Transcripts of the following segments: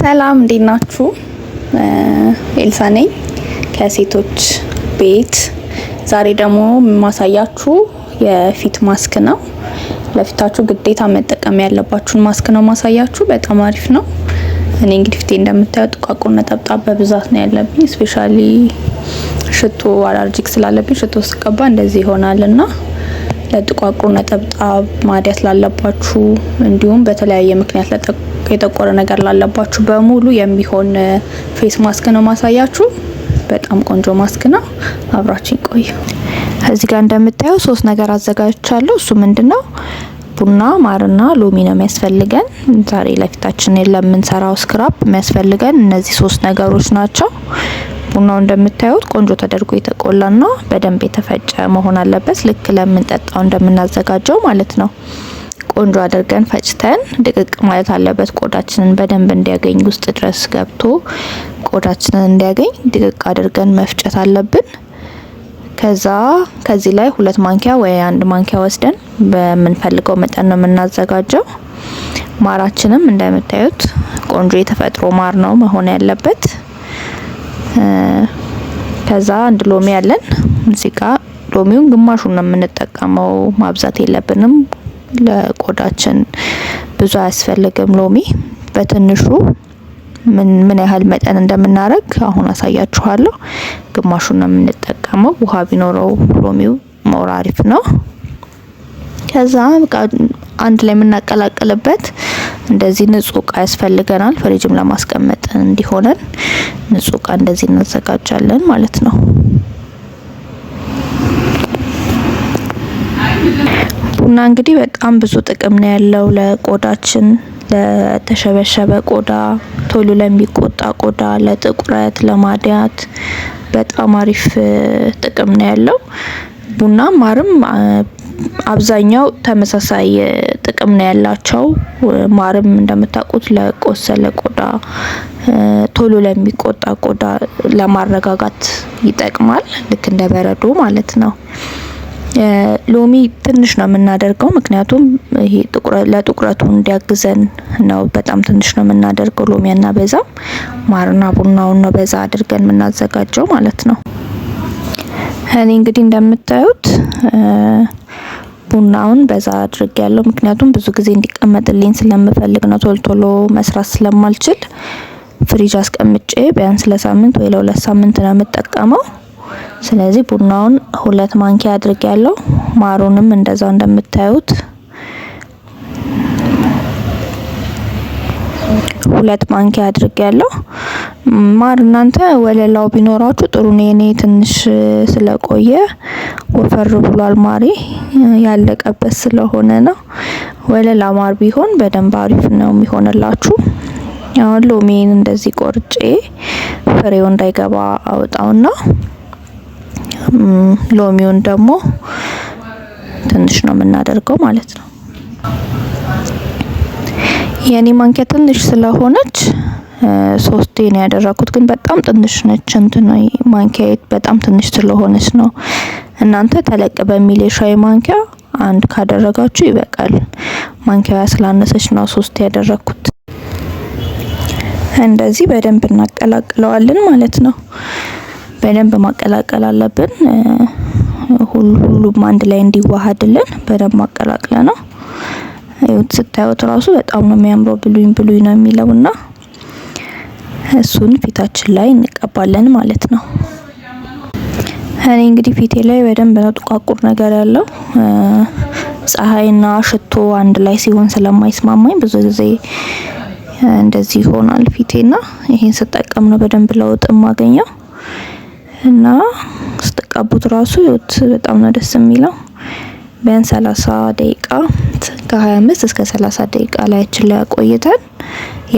ሰላም እንዴት ናችሁ? ኤልሳ ነኝ ከሴቶች ቤት። ዛሬ ደግሞ የማሳያችሁ የፊት ማስክ ነው። ለፊታችሁ ግዴታ መጠቀም ያለባችሁን ማስክ ነው ማሳያችሁ። በጣም አሪፍ ነው። እኔ እንግዲህ ፊቴ እንደምታዩ ጥቋቁር ነጠብጣብ በብዛት ነው ያለብኝ። ስፔሻሊ ሽቶ አላርጂክ ስላለብኝ ሽቶ ስቀባ እንደዚህ ይሆናል እና ለጥቋቁር ነጠብጣብ ማዲያት ላለባችሁ እንዲሁም በተለያየ ምክንያት የጠቆረ ነገር ላለባችሁ በሙሉ የሚሆን ፌስ ማስክ ነው ማሳያችሁ። በጣም ቆንጆ ማስክ ነው። አብራችን ቆዩ። እዚህ ጋር እንደምታየው ሶስት ነገር አዘጋጅቻለሁ። እሱ ምንድነው? ቡና፣ ማርና ሎሚ ነው የሚያስፈልገን። ዛሬ ለፊታችን ለምንሰራው ስክራፕ የሚያስፈልገን እነዚህ ሶስት ነገሮች ናቸው። ቡናው እንደምታዩት ቆንጆ ተደርጎ የተቆላና በደንብ የተፈጨ መሆን አለበት። ልክ ለምንጠጣው እንደምናዘጋጀው ማለት ነው። ቆንጆ አድርገን ፈጭተን ድቅቅ ማለት አለበት። ቆዳችንን በደንብ እንዲያገኝ ውስጥ ድረስ ገብቶ ቆዳችንን እንዲያገኝ ድቅቅ አድርገን መፍጨት አለብን። ከዛ ከዚህ ላይ ሁለት ማንኪያ ወይ አንድ ማንኪያ ወስደን በምንፈልገው መጠን ነው የምናዘጋጀው። ማራችንም እንደምታዩት ቆንጆ የተፈጥሮ ማር ነው መሆን ያለበት። ከዛ አንድ ሎሚ ያለን እዚህ ጋር ሎሚውን ግማሹን ነው የምንጠቀመው፣ ማብዛት የለብንም። ለቆዳችን ብዙ አያስፈልግም ሎሚ። በትንሹ ምን ምን ያህል መጠን እንደምናደርግ አሁን አሳያችኋለሁ። ግማሹን ነው የምንጠቀመው። ውሃ ቢኖረው ሎሚው ሞር አሪፍ ነው። ከዛ አንድ ላይ የምናቀላቅልበት እንደዚህ ንጹህ እቃ ያስፈልገናል። ፍሪጅም ለማስቀመጥ እንዲሆነን ንጹህ እቃ እንደዚህ እናዘጋጃለን ማለት ነው። ቡና እንግዲህ በጣም ብዙ ጥቅም ነው ያለው ለቆዳችን፣ ለተሸበሸበ ቆዳ፣ ቶሎ ለሚቆጣ ቆዳ፣ ለጥቁረት፣ ለማድያት በጣም አሪፍ ጥቅም ነው ያለው። ቡና ማርም አብዛኛው ተመሳሳይ ጥቅም ነው ያላቸው። ማርም እንደምታውቁት ለቆሰለ ቆዳ፣ ቶሎ ለሚቆጣ ቆዳ ለማረጋጋት ይጠቅማል። ልክ እንደ በረዶ ማለት ነው። ሎሚ ትንሽ ነው የምናደርገው፣ ምክንያቱም ይሄ ለጥቁረቱ እንዲያግዘን ነው። በጣም ትንሽ ነው የምናደርገው ሎሚ እና በዛ ማርና ቡናውን ነው በዛ አድርገን የምናዘጋጀው ማለት ነው። እኔ እንግዲህ እንደምታዩት ቡናውን በዛ አድርግ ያለው ምክንያቱም ብዙ ጊዜ እንዲቀመጥልኝ ስለምፈልግ ነው። ቶሎ ቶሎ መስራት ስለማልችል ፍሪጅ አስቀምጬ ቢያንስ ለሳምንት ወይ ለሁለት ሳምንት ነው የምጠቀመው። ስለዚህ ቡናውን ሁለት ማንኪያ አድርግ ያለው ማሩንም እንደዛው እንደምታዩት ሁለት ማንኪያ አድርግ ያለው ማር እናንተ ወለላው ቢኖራችሁ ጥሩ ነው። እኔ ትንሽ ስለቆየ ወፈር ብሏል። ማሪ ያለቀበት ስለሆነ ነው። ወለላ ማር ቢሆን በደንብ አሪፍ ነው የሚሆንላችሁ። አሁን ሎሚን እንደዚህ ቆርጬ ፍሬው እንዳይገባ አውጣውና ሎሚውን ደግሞ ትንሽ ነው የምናደርገው ማለት ነው። የኔ ማንኪያ ትንሽ ስለሆነች ሶስቴ ነው ያደረኩት፣ ግን በጣም ትንሽ ነች። እንትን ማንኪያ በጣም ትንሽ ስለሆነች ነው። እናንተ ተለቅ በሚል የሻይ ማንኪያ አንድ ካደረጋችሁ ይበቃል። ማንኪያዋ ስላነሰች ነው ሶስት ያደረኩት። እንደዚህ በደንብ እናቀላቅለዋለን ማለት ነው። በደንብ ማቀላቀል አለብን። ሁሉም አንድ ላይ እንዲዋሃድልን በደንብ ማቀላቅለ ነው። ስታዩት ራሱ በጣም ነው የሚያምረው። ብሉኝ ብሉኝ ነው የሚለውና እሱን ፊታችን ላይ እንቀባለን ማለት ነው። እኔ እንግዲህ ፊቴ ላይ በደንብ ነው ጥቋቁር ነገር ያለው። ፀሐይና ሽቶ አንድ ላይ ሲሆን ስለማይስማማኝ ብዙ ጊዜ እንደዚህ ይሆናል ፊቴና ይሄን ስጠቀም ነው በደንብ ለውጥ የማገኘው። እና ስትቀቡት ራሱ ይወት በጣም ነው ደስ የሚለው። ቢያንስ 30 ደቂቃ ከ25 እስከ 30 ደቂቃ ላያችን ላይ ቆይተን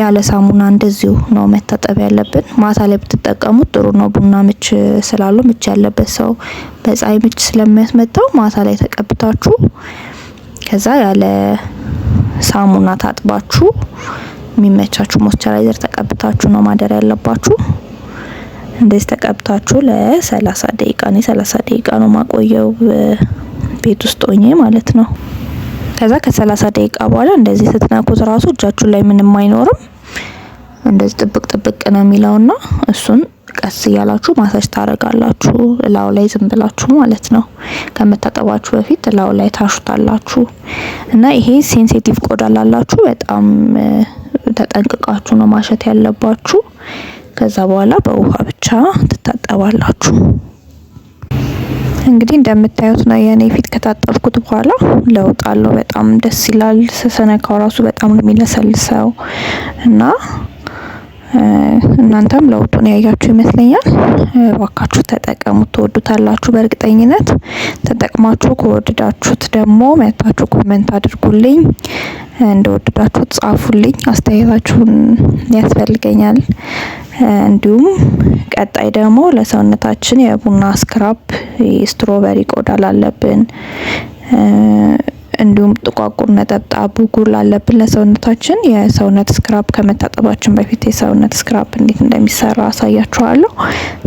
ያለ ሳሙና እንደዚሁ ነው መታጠብ ያለብን። ማታ ላይ ብትጠቀሙት ጥሩ ነው። ቡና ምች ስላለው ምች ያለበት ሰው በፀሐይ ምች ስለሚያስመታው ማታ ላይ ተቀብታችሁ ከዛ ያለ ሳሙና ታጥባችሁ የሚመቻችሁ ሞስቸራይዘር ተቀብታችሁ ነው ማደር ያለባችሁ። እንደዚህ ተቀብታችሁ ለሰላሳ ደቂቃ ነው ሰላሳ ደቂቃ ነው ማቆየው ቤት ውስጥ ሆኜ ማለት ነው። ከዛ ከሰላሳ ደቂቃ በኋላ እንደዚህ ስትነኩት ራሱ እጃችሁ ላይ ምንም አይኖርም። እንደዚህ ጥብቅ ጥብቅ ነው የሚለውና እሱን ቀስ እያላችሁ ማሳጅ ታደርጋላችሁ። እላው ላይ ዝም ብላችሁ ማለት ነው። ከመታጠባችሁ በፊት እላው ላይ ታሹታላችሁ እና ይሄ ሴንሲቲቭ ቆዳ ላላችሁ በጣም ተጠንቅቃችሁ ነው ማሸት ያለባችሁ። ከዛ በኋላ በውሃ ብቻ ትታጠባላችሁ። እንግዲህ እንደምታዩት ነው የእኔ ፊት ከታጠብኩት በኋላ ለውጥ አለው። በጣም ደስ ይላል። ስሰነካው ራሱ በጣም ነው የሚለሰልሰው እና እናንተም ለውጡን ያያችሁ ይመስለኛል። ባካችሁ ተጠቀሙት፣ ትወዱታላችሁ በእርግጠኝነት። ተጠቅማችሁ ከወደዳችሁት ደግሞ መታችሁ ኮመንት አድርጉልኝ። እንደወደዳችሁ ጻፉልኝ። አስተያየታችሁን ያስፈልገኛል። እንዲሁም ቀጣይ ደግሞ ለሰውነታችን የቡና ስክራፕ ስትሮበሪ ቆዳ ላለብን እንዲሁም ጥቋቁር ነጠብጣብ ብጉር ላለብን ለሰውነታችን የሰውነት ስክራፕ ከመታጠባችን በፊት የሰውነት ስክራፕ እንዴት እንደሚሰራ አሳያችኋለሁ።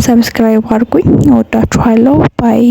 ሰብስክራይብ አድርጉኝ። እወዳችኋለሁ። ባይ